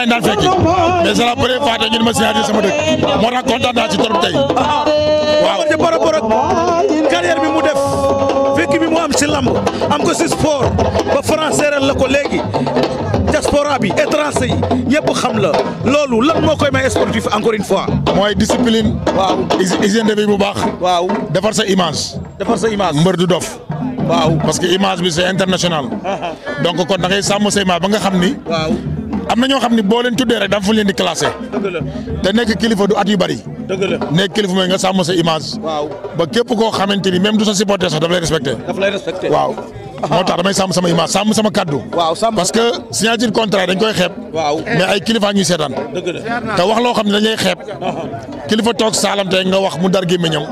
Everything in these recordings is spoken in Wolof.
maa ngi daan fekki mais c'est la première ma siyaare sama dëkk moo tax kontaan naa ci trop tey. waaw par rapport ak carrière bi mu def fekki bi mu am si lamb am ko si sport ba français la ko léegi. diaspora bi étranger yi ñëpp xam la loolu lan moo koy may sportif encore une fois. mooy discipline. waaw hygiène de vie bu baax. waaw defar sa image. defar mbër du dof. parce que image bi c'est international. donc kon da sàmm sa image ba nga xam ni. amna na ñoo xam ne boo leen tuddee rek dafa leen di classé. dëgg la te nekk kilifa du at yu bari. dëgg la nekk kilifa moy nga sàmm sa image. waaw ba képp ko xamanteni même du sa supporter sax daf lay respecté. daf lay respecté waaw. motax damay sam sama image sam sama cadeau waaw sam parce que signature contrat dañ koy xép waaw mais ay kilifa ñuy sétane deug la té wax lo xamni dañ lay xép kilifa tok saalam te nga wax mu dar gi gémmiñam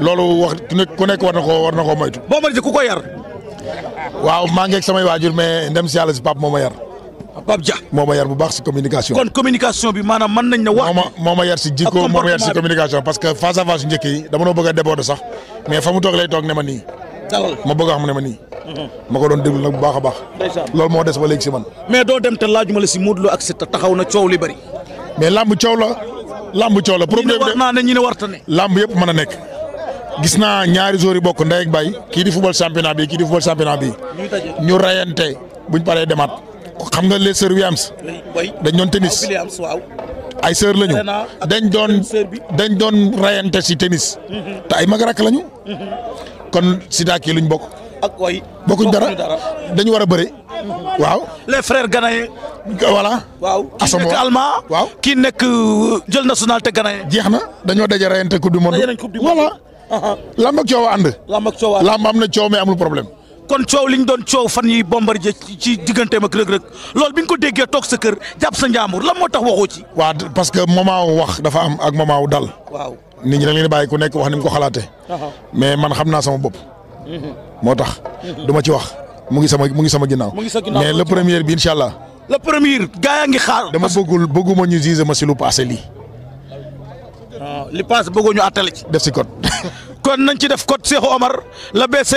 lolu wax ku nek war na koo war na koo moytu. bo ma ku ko yar. waaw ma ngeek sama wajur mais ndem ci yalla ci pap moma yar. Pape Dia moo ma yar bu baax si communication. bi maanaam mën nañ ne wax. moo ma yar si jikko moo ma yar si communication parce que face à face njëkk yi dama noo bëgg a sax mais fa toog lay toog ne ma nii. ma bëgg xam ne ma nii. Mm-hmm. ma ko doon déglu nag bu baax a baax. loolu moo des ba léegi si man. mais doo dem te laajuma la si Modou Lo ak taxaw na coow li bëri. mais làmb coow la. làmb coow la problème de war naa ne ñu ne warta ne. làmb yëpp mën a nekk. gis naa ñaari joueurs yi bokk ndey ak bay kii di football championnat bi kii di football championnat bi ñu rayante demaat xam nga les sœurs Williams dañ doon tennis ah, ay sœur lañu dañ doon dañ doon rayante si tennis mhm. te ay mag rakk lañu mhm. kon Sida kii luñ bokk. ak way bokkuñ dara dañu war a bëri. Mhm. waaw les frères ganaye. voilà. waaw kii nekk allemand. waaw kii nekk euh, jël nationalité ganaye. jeex na dañoo daje rayante coupe du monde. voilà. lamb ak coow a ànd. lambak ak coow a ànd lamb am na coow mais amul problème. kon coow li ñu doon coow fan yi Bombardier ci digganteem ak Reug Reug loolu bi ñu ko déggee toog sa kër jàpp sa njaamur la moo tax waxoo ci. waaw parce que moment wu wax dafa am ak moment wu dal. waaw nit ñi da leen bàyyi nekk wax ni mu ko xalaatee. mais man xam naa sama bopp. Mhm. moo tax mhm. du ma ci wax mu ngi sama mu ngi sama ginnaaw. mu sa ginnaaw mais le premier bi incha allah. le premier gaa yaa ngi xaar. dama bëggul bëgguma ñu gise ma si lu passé lii. Ah, li passé bëggoo ñu àttale ci. def si code. kon nañ ci def